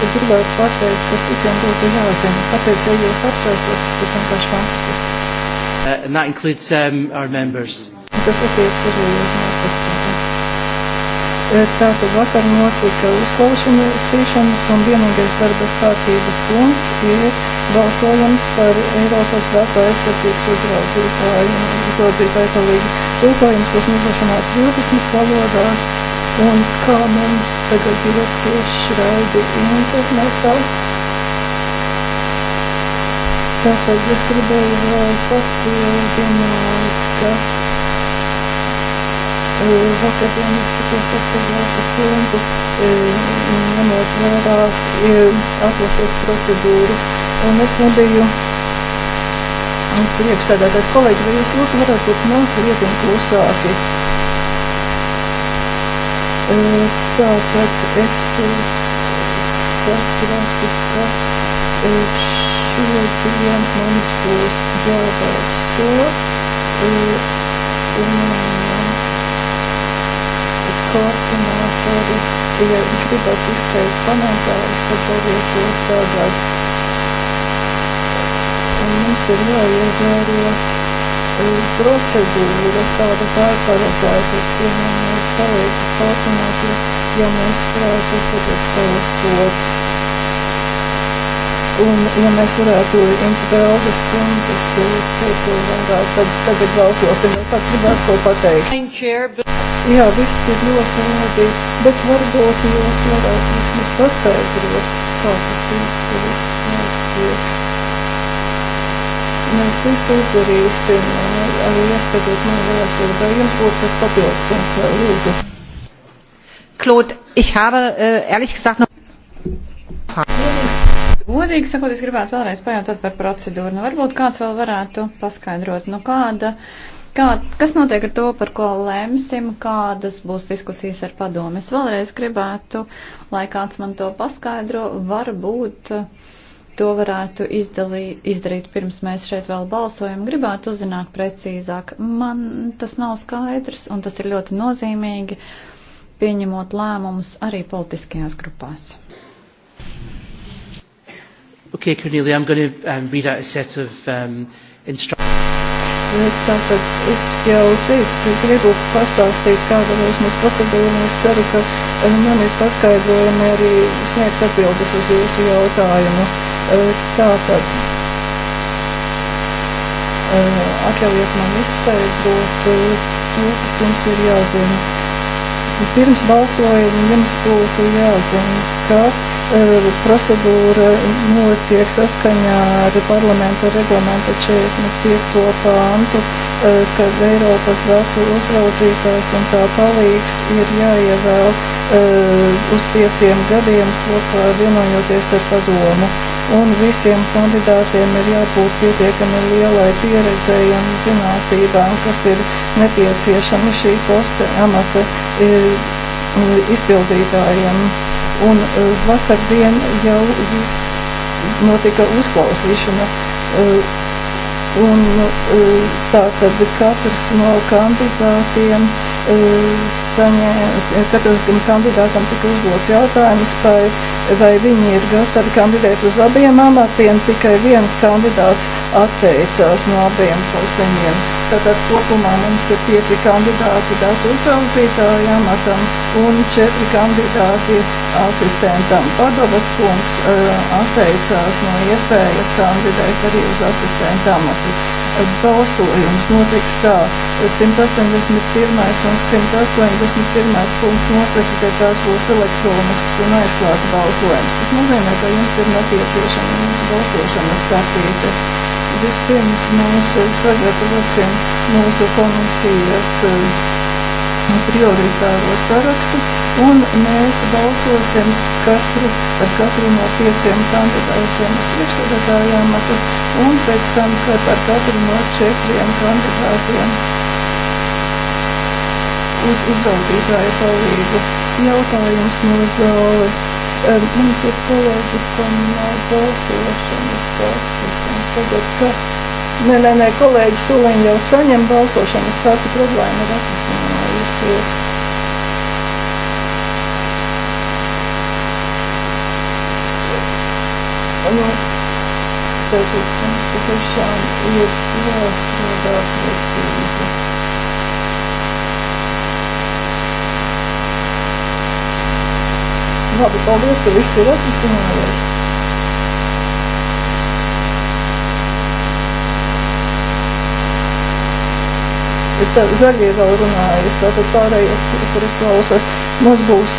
Es gribētu pateikt, tas visiem būtu jāzina. Tāpēc, ja jūs apsēstos, tas ir vienkārši fantastiski. Uh, and that includes um, our members. Tas attiec arī uz mūsu deputātiem. Uh, tātad vakar notika uzklausīšanas un vienīgais darbas kārtības punkts ir balsojums par Eiropas datu aizsardzības uzraudzītāju un uzraudzītāju palīgu tulkojums, kas nodrošināts 20 valodās Un kā mums tagad ir ar tiešraidi internetā? Tātad es gribēju vēl papildināt, ka e, vakar dienas tikos ar cilvēku kundzi, e, ņemot vērā e, atlases procedūru. Un es nebiju priekšsēdētais kolēģi, vai jūs lūdzu varētu būt mazliet klusāki? Tātad es sapratu, ka šodien mums būs jābalso un koordinātori, ja gribat izteikt komentārus, tad dariet to tagad. Un mums ir jāievēro procedūra, kāda tā ir paredzēta, cienījamie kolēģi, pārtinoties, ja mēs varētu tagad balsot. Un, ja mēs varētu Intveldes kundzes eh, teikto vairāk, tad tagad balsosim, ja kāds gribētu ko pateikt. Jā, viss ir ļoti labi, bet varbūt jūs varētu vismaz paskaidrot, kā tas ir, ka viss notiek. Mēs visu izdarīsim, arī ieskatiet mani vēstuli, vai jums būtu kāds papildus punkts vai lūdzu. Claude, ich habe uh, ehrlich gesagt noch. Godīgi sakot, es gribētu vēlreiz pajautāt par procedūru. Nu, varbūt kāds vēl varētu paskaidrot, nu kāda, kā, kas notiek ar to, par ko lēmsim, kādas būs diskusijas ar padomu. Es vēlreiz gribētu, lai kāds man to paskaidro, varbūt. Uh, to varētu izdalī, izdarīt pirms mēs šeit vēl balsojam, gribētu uzzināt precīzāk. Man tas nav skaidrs, un tas ir ļoti nozīmīgi, pieņemot lēmumus arī politiskajās grupās. Okay, Cornelia, I'm going to um, read out a set of um, instructions. Tātad es jau teicu, ka gribu pastāstīt, kāda būs mūsu procedūra, un es ceru, ka eh, man ir paskaidrojumi arī sniegs atbildes uz jūsu jautājumu. Tātad atļaujiet man izskaidrot to, kas jums ir jāzina. Pirms balsojuma jums būtu jāzina, ka Eh, procedūra notiek saskaņā ar parlamenta reglamenta 45. pāntu, eh, kad Eiropas datu uzraudzītājs un tā palīgs ir jāievēl eh, uz pieciem gadiem kopā vienojoties ar padomu. Un visiem kandidātiem ir jābūt pietiekami lielai pieredzei un zinātībām, kas ir nepieciešami šī posta amata izpildītājiem un e, vakardien jau notika uzklausīšana. E, un e, tā tad katrs no kandidātiem uh, saņēma, um, katram kandidātam tika uzdots jautājums, vai, vai viņi ir gatavi kandidēt uz abiem amatiem, tikai viens kandidāts atteicās no abiem posteņiem. Tātad kopumā mums ir pieci kandidāti datu uzraudzītāju amatam un četri kandidāti asistentam. Padovas kungs uh, atteicās no iespējas kandidēt arī uz asistentu amatu. Balsojums notiks tā. 181. un 181. punkts nosaka, ka tās būs elektronisks un aizslēgts balsojums. Tas nozīmē, ka jums ir nepieciešama jūsu balsošanas kartīte. Vispirms mēs sagatavosim mūsu komisijas eh, prioritāro sarakstu un mēs balsosim katru, par katru no pieciem kandidātiem uz priekšsēdētāju amatu un pēc tam par katru no četriem kandidātiem uz uzraudzītāju palīgu. Jautājums no zāles. Mums ir kolēģi, kam nav balsošanas kartes un tagad, ka Nē, nē, nē, kolēģi, tūlīt jau saņem balsošanas kartu problēmu ir atrisinājusies. tāpēc mums patiešām ir jāstrādā precīzi. Labi, paldies, ka viss ir atrisinājies. Tā zaļie vēl runājas, tātad pārējie, kuri klausās. Mums būs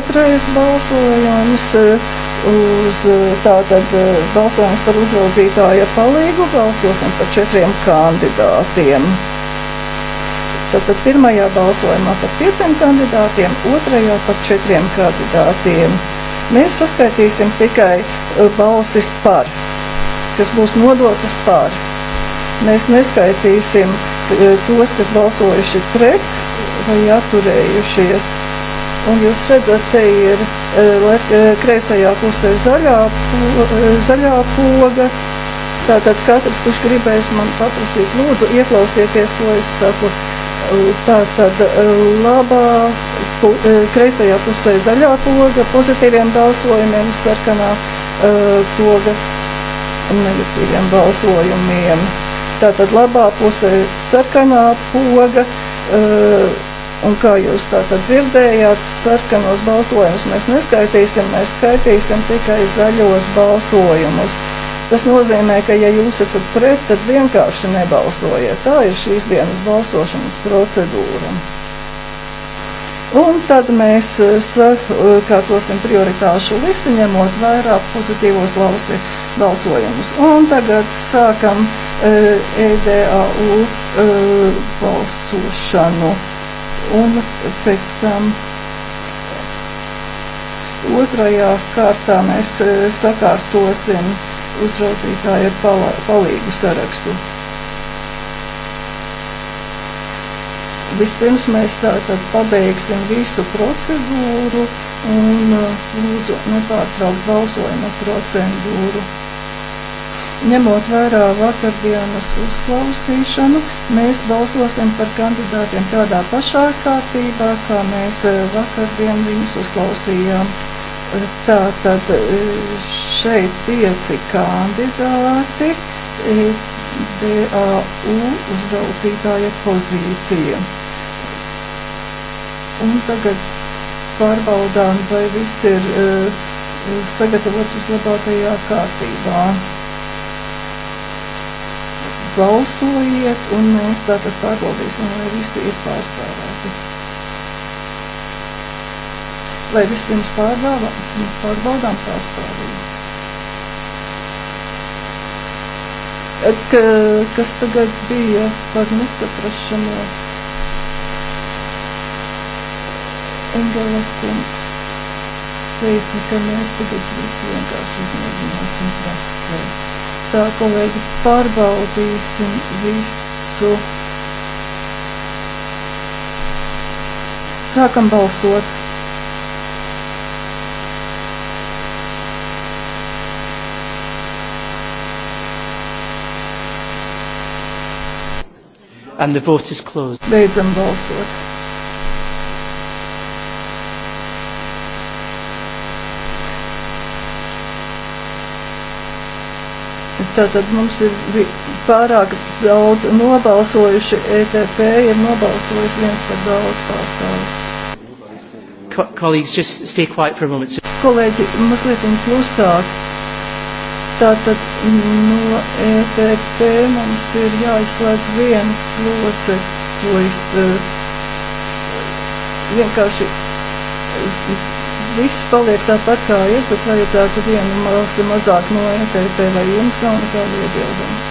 otrais balsojums. Uh, uz eh, tātad eh, balsojums par uzraudzītāja palīgu balsosim par četriem kandidātiem. Tātad pirmajā balsojumā par pieciem kandidātiem, otrajā par četriem kandidātiem. Mēs saskaitīsim tikai eh, balsis par, kas būs nodotas par. Mēs neskaitīsim tos, kas balsojuši pret vai atturējušies un jūs redzat, te ir e, e, kreisajā pusē zaļā, e, zaļā poga. Tātad katrs, kurš gribēs man paprasīt, lūdzu, ieklausieties, ko es saku. Tātad labā, pu, kreisajā pusē zaļā poga, pozitīviem balsojumiem, sarkanā uh, poga, negatīviem balsojumiem. Tātad labā pusē sarkanā poga, uh, Un kā jūs tātad dzirdējāt, sarkanos balsojumus mēs neskaitīsim, mēs skaitīsim tikai zaļos balsojumus. Tas nozīmē, ka ja jūs esat pret, tad vienkārši nebalsojiet. Tā ir šīs dienas balsošanas procedūra. Un tad mēs eh, sakārtosim eh, prioritāšu listi, ņemot vērā pozitīvos lausi balsojumus. Un tagad sākam eh, e, EDAU e, balsošanu un pēc tam otrajā kārtā mēs e, sakārtosim uzraudzītāja palīgu sarakstu. Vispirms mēs tātad pabeigsim visu procedūru un e, lūdzu nepārtraukt balsojuma procedūru. Ņemot vērā vakardienas uzklausīšanu, mēs balsosim par kandidātiem tādā pašā kārtībā, kā mēs eh, vakardien viņus uzklausījām. Eh, tātad eh, šeit pieci kandidāti. DAU uzraucītāja pozīcija. Un tagad pārbaudām, vai viss ir uh, sagatavots vislabākajā kārtībā balsojiet, un mēs tātad pārbaudīsim, vai visi ir pārstāvēti. Vai vispirms pārbaudām, pārbaudām pārstāvību? Ka, kas tagad bija par nesaprašanos? Engela kungs teica, ka mēs tagad visu vienkārši izmēģināsim praksē. Tā, kolēģi, pārbaudīsim visu. Sākam balsot. And the vote is closed. Beidzam balsot. Tātad mums ir pārāk daudz nobalsojuši, ETP ir nobalsojuši viens par daudz pārstāvis. Co colleagues, just stay quiet for a moment. Kolēģi, mazliet klusāk. Tātad mm, no ETP mums ir jāizslēdz viens loceklis. Eh, vienkārši eh, viss paliek tāpat kā ir, bet vajadzētu vienu mākslu mazāk no ETP, vai jums nav nekāda iebilduma?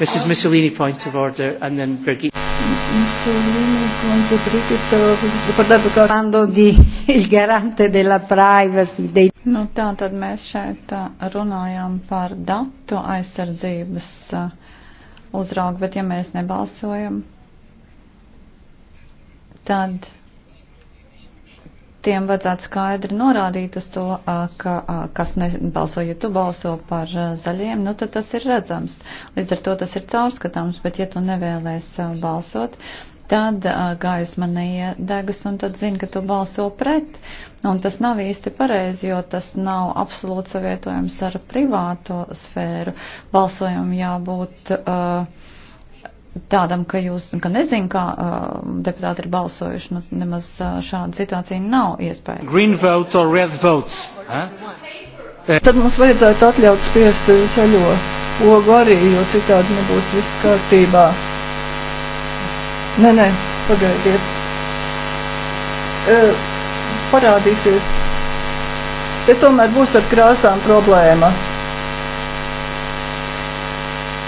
Mrs. Mussolini, point of order, and then Brigitte. Mussolini, Conzo Brigitte, par darbu kā... Mando di il garante della privacy. Dei... Nu, tā tad mēs šeit uh, runājām par datu aizsardzības uh, uzraugu, bet ja mēs nebalsojam, tad tiem vajadzētu skaidri norādīt uz to, ka kas nebalso, ja tu balso par zaļiem, nu tad tas ir redzams. Līdz ar to tas ir caurskatāms, bet ja tu nevēlies balsot, tad gaisma neiedegas un tad zina, ka tu balso pret. Un tas nav īsti pareizi, jo tas nav absolūti savietojams ar privāto sfēru. Balsojumu jābūt. Uh, tādam, ka jūs, ka nezinu, kā uh, deputāti ir balsojuši, nu, nemaz uh, šāda situācija nav iespēja. Green vote or red vote? Huh? Eh. Tad mums vajadzētu atļaut spiest zaļo ogu arī, jo citādi nebūs viss kārtībā. Nē, nē, pagaidiet. Uh, parādīsies. Te tomēr būs ar krāsām problēma.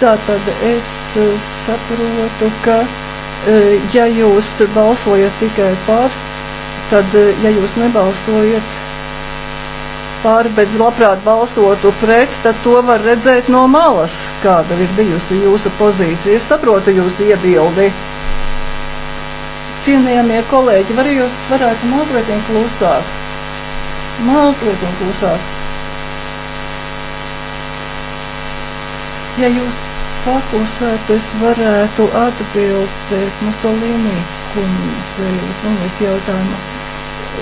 Tā tad es eh, saprotu, ka eh, ja jūs balsojat tikai par, tad eh, ja jūs nebalsojat par, bet labprāt balsotu pret, tad to var redzēt no malas, kāda ir bijusi jūsu pozīcija. Es saprotu jūsu iebildi. Cienījamie kolēģi, var jūs varētu mazliet klusāk? Mazliet klusāk. Ja jūs paklausēties varētu atbildēt Musolīnī kundze uz viņas jautājumu.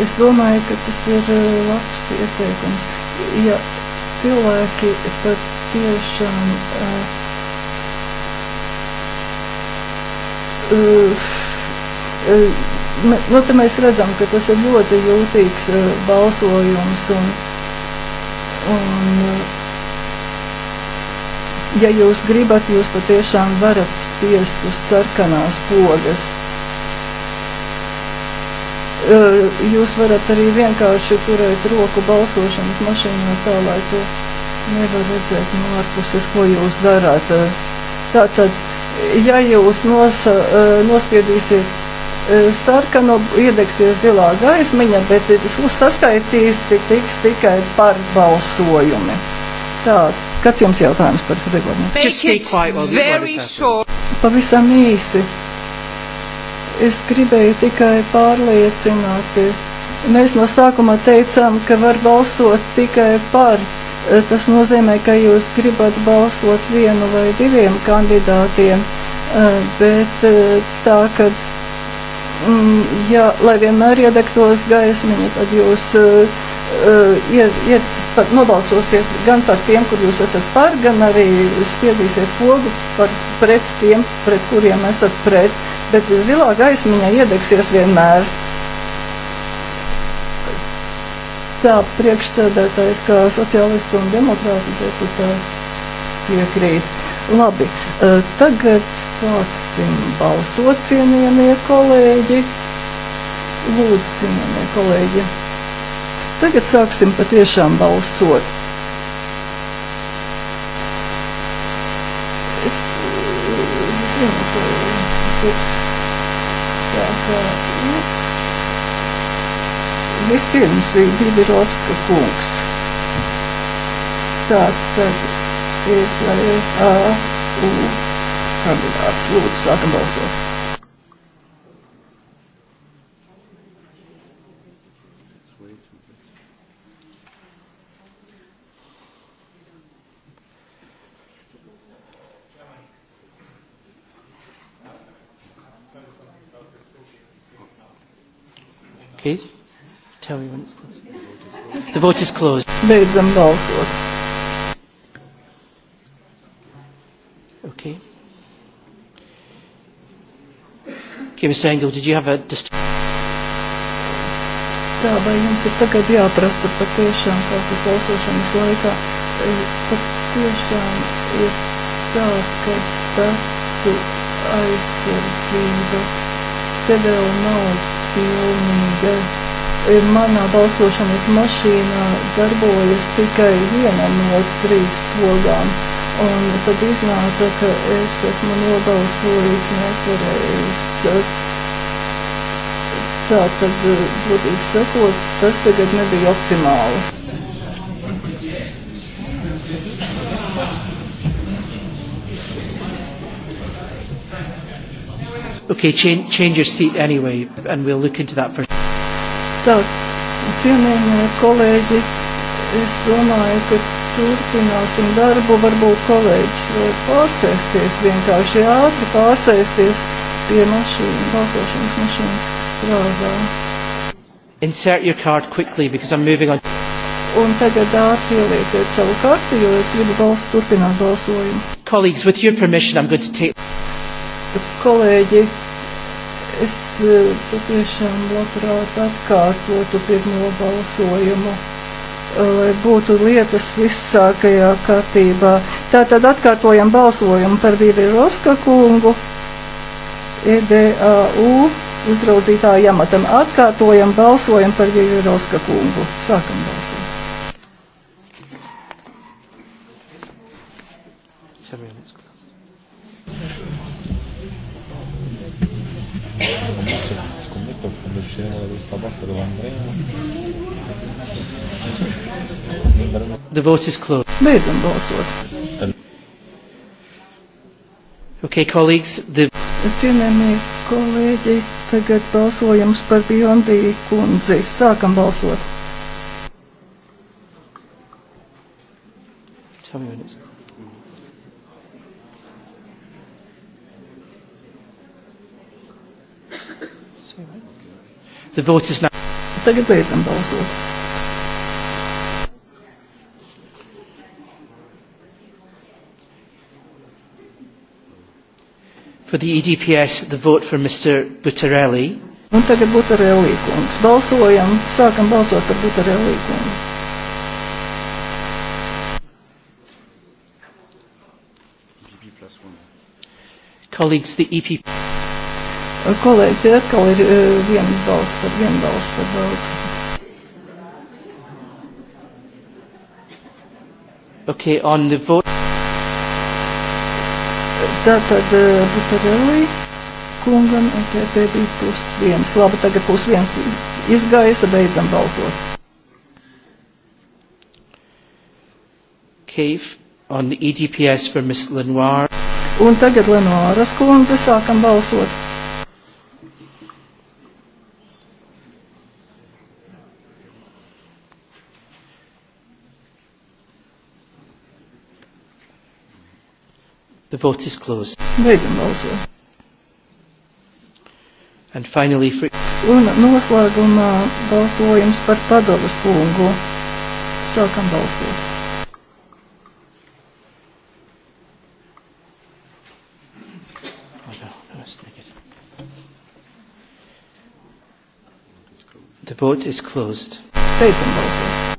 Es domāju, ka tas ir eh, labs ieteikums. Ja cilvēki pat tiešām uh, uh, nu, te mēs redzam, ka tas ir ļoti jūtīgs uh, balsojums un, un uh, Ja jūs gribat, jūs patiešām varat spiest uz sarkanās pogas. Jūs varat arī vienkārši turēt roku balsošanas mašīnā tā, lai to nevar redzēt no ārpuses, ko jūs darāt. Tātad, ja jūs nosa, nospiedīsiet sarkanu iedegsies zilā gaismiņa, bet saskaitīs tiks tikai par balsojumi. Tātad. Kāds jums jautājums par kategoriju? Pavisam īsi. Es gribēju tikai pārliecināties. Mēs no sākuma teicām, ka var balsot tikai par. Tas nozīmē, ka jūs gribat balsot vienu vai diviem kandidātiem, eh, bet eh, tā, ka mm, ja, lai vienmēr iedegtos gaismiņa, tad jūs uh, iet, iet, pat nobalsosiet gan par tiem, kur jūs esat par, gan arī spiedīsiet pogu par, pret tiem, pret kuriem esat pret, bet zilā gaismiņa iedegsies vienmēr. Tā priekšsēdētājs kā sociālistu un demokrātu deputāts piekrīt. Labi, tagad sāksim balsot, cienījamie kolēģi. Lūdzu, cienījamie kolēģi. Tagad sāksim patiešām balsot. Es zinu, ka tur tā kā ir. Nu, vispirms ir Bibirovska kungs. Tā tad ir A, U kabināts. Lūdzu, sākam balsot. did? Tell me when it's closed. The vote is closed. Beidzam balsot. Okay. Okay, Mr. Engel, did you have a distinction? Tā, vai jums ir tagad jāprasa patiešām kaut kas balsošanas laikā? Patiešām ir tā, ka datu aizsardzība te vēl nav pilnīga. Manā balsošanas mašīnā darbojas tikai viena no trīs pogām. Un tad iznāca, ka es esmu nobalsojis nepareizi. Tā tad, būtīgi eh, sakot, tas tagad nebija optimāli. Okay, change, change your seat anyway, and we'll look into that for. Tā, cienījamie kolēģi, es domāju, ka turpināsim darbu. Varbūt kolēģis var pārsēsties vienkārši ātri, pārsēsties pie mašīnas, balsošanas mašīnas, kas strādā. Insert your card quickly because I'm moving on. Un tagad ātri ielieciet savu karti, jo es gribu balsu turpināt balsojumu. Colleagues, with your permission, I'm going to take kolēģi, es eh, patiešām labprāt atkārtotu pirmo balsojumu eh, lai būtu lietas vissākajā kārtībā. Tātad atkārtojam balsojumu par Vīrirovska kungu, EDAU uzraudzītāju jamatam. Atkārtojam balsojumu par Vīrirovska kungu. Sākam balsot. Seven minutes. The vote is closed. Beidzam balsot. Okay, colleagues, the... Cienējamie kolēģi, tagad balsojums par Biondi kundzi. Sākam balsot. Tell me when it's closed. The vote is now. Tagad beidzam balsot. For the EDPS, the vote for Mr. Buttarelli. Un tagad Buttarelli kungs. Balsojam, sākam balsot par Buttarelli kungu. Colleagues, the EPP. Kolēģi, atkal ir eh, viens balss par vienu balss par daudz. Okay, on the vote. Tātad eh, Butarelli kungam ETP bija plus viens. Labi, tagad plus viens izgaisa, beidzam balsot. Cave on the EDPS for Miss Lenoir. Un tagad Lenoiras kundze sākam balsot. The vote is closed. Beidzam balsot. And finally, for... Un noslēgumā balsojums par padavas kungu. Sākam balsot. Oh, no, no, The vote is closed. Beidzam balsot.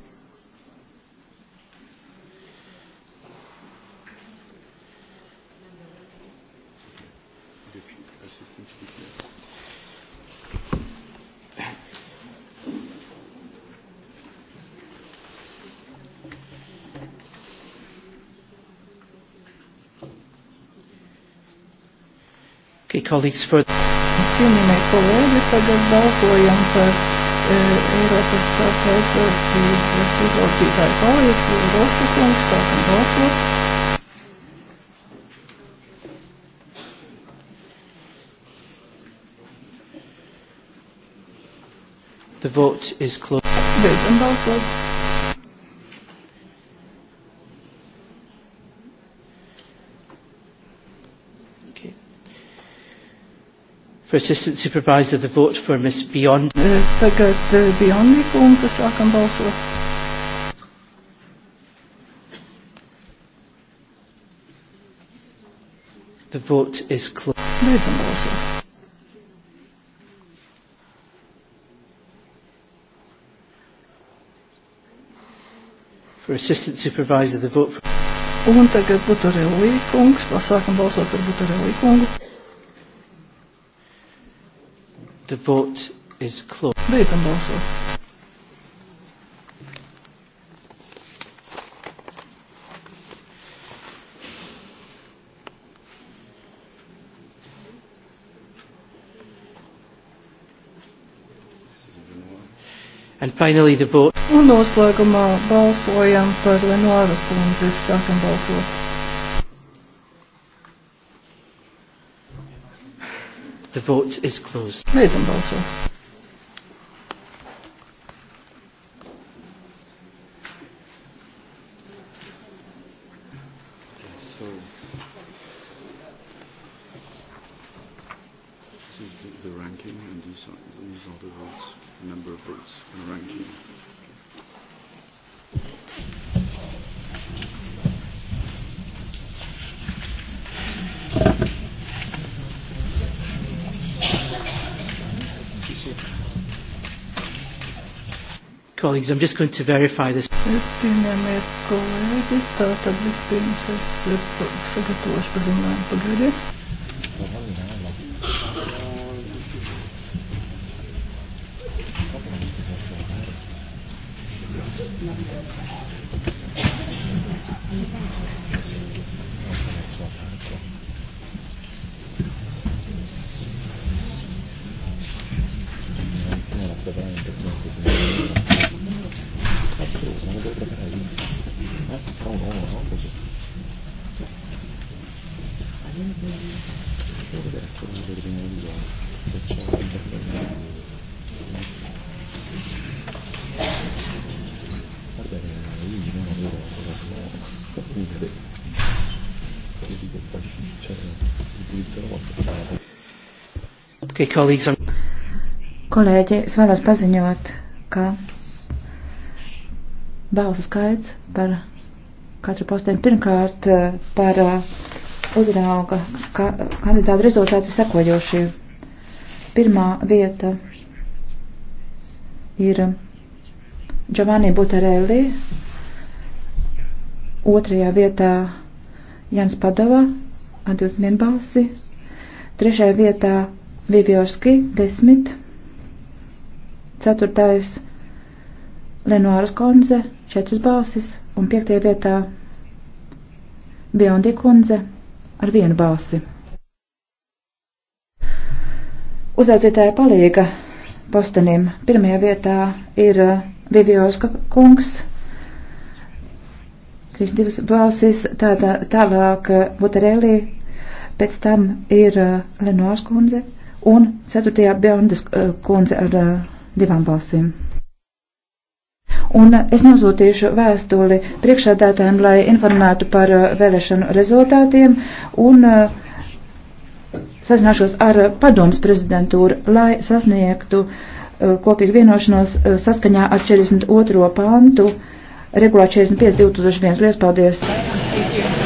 colleagues, for... Cienījamie kolēģi, tagad balsojam par e, Eiropas tautsaimniecības uzraudzītāju palīdzību. Rosta kungs, sākam balsot. The vote is closed. Beidzam balsot. for Assistant Supervisor the vote for Ms. Beyond. Eh, tagad eh, Beyond kundze sākam balsot. The vote is closed. Er Beidzam balsot. For Assistant Supervisor the vote for... Un tagad Butarelli kungs, sākam balsot par Butarelli kungu. The vote is closed. Beidzam balsot. And finally the vote. Un noslēgumā balsojam par Lenoras kundzi. Sākam balsot. The vote is closed. Beidzam balsot. So, this is the, the ranking, and these are, these are the votes, the number of votes, and ranking. colleagues, I'm just going to verify this. Cienījamie kolēģi, tā tad vispirms es eh, sagatavošu paziņojumu pagaidiet. Thank you. Kolēģi, es vēlos paziņot, ka balsu skaits par katru postēm pirmkārt eh, par eh, uzrauga ka, kandidātu rezultātu sekojošie. Pirmā vieta ir Giovanni Butarelli, otrajā vietā Jans Padova ar 20 balsi, trešajā vietā Vivjorski 10, 4. Lenoras kundze 4 balsis un 5. vietā Biondi kundze ar vienu balsi. Uzaicītāja palīga postenim pirmajā vietā ir uh, Vivjorska kungs. Šīs divas balsis tādā, tālāk uh, Buterelī, pēc tam ir uh, Lenors kundze un 4. Bjorndas eh, kundze ar eh, divām balsīm. Un eh, es nosūtīšu vēstuli priekšādātājiem, lai informētu par vēlēšanu rezultātiem un sazināšos ar padomas prezidentūru, lai sasniegtu kopīgu vienošanos saskaņā ar 42. pantu regulā 45.2001. Lies paldies! Thank you.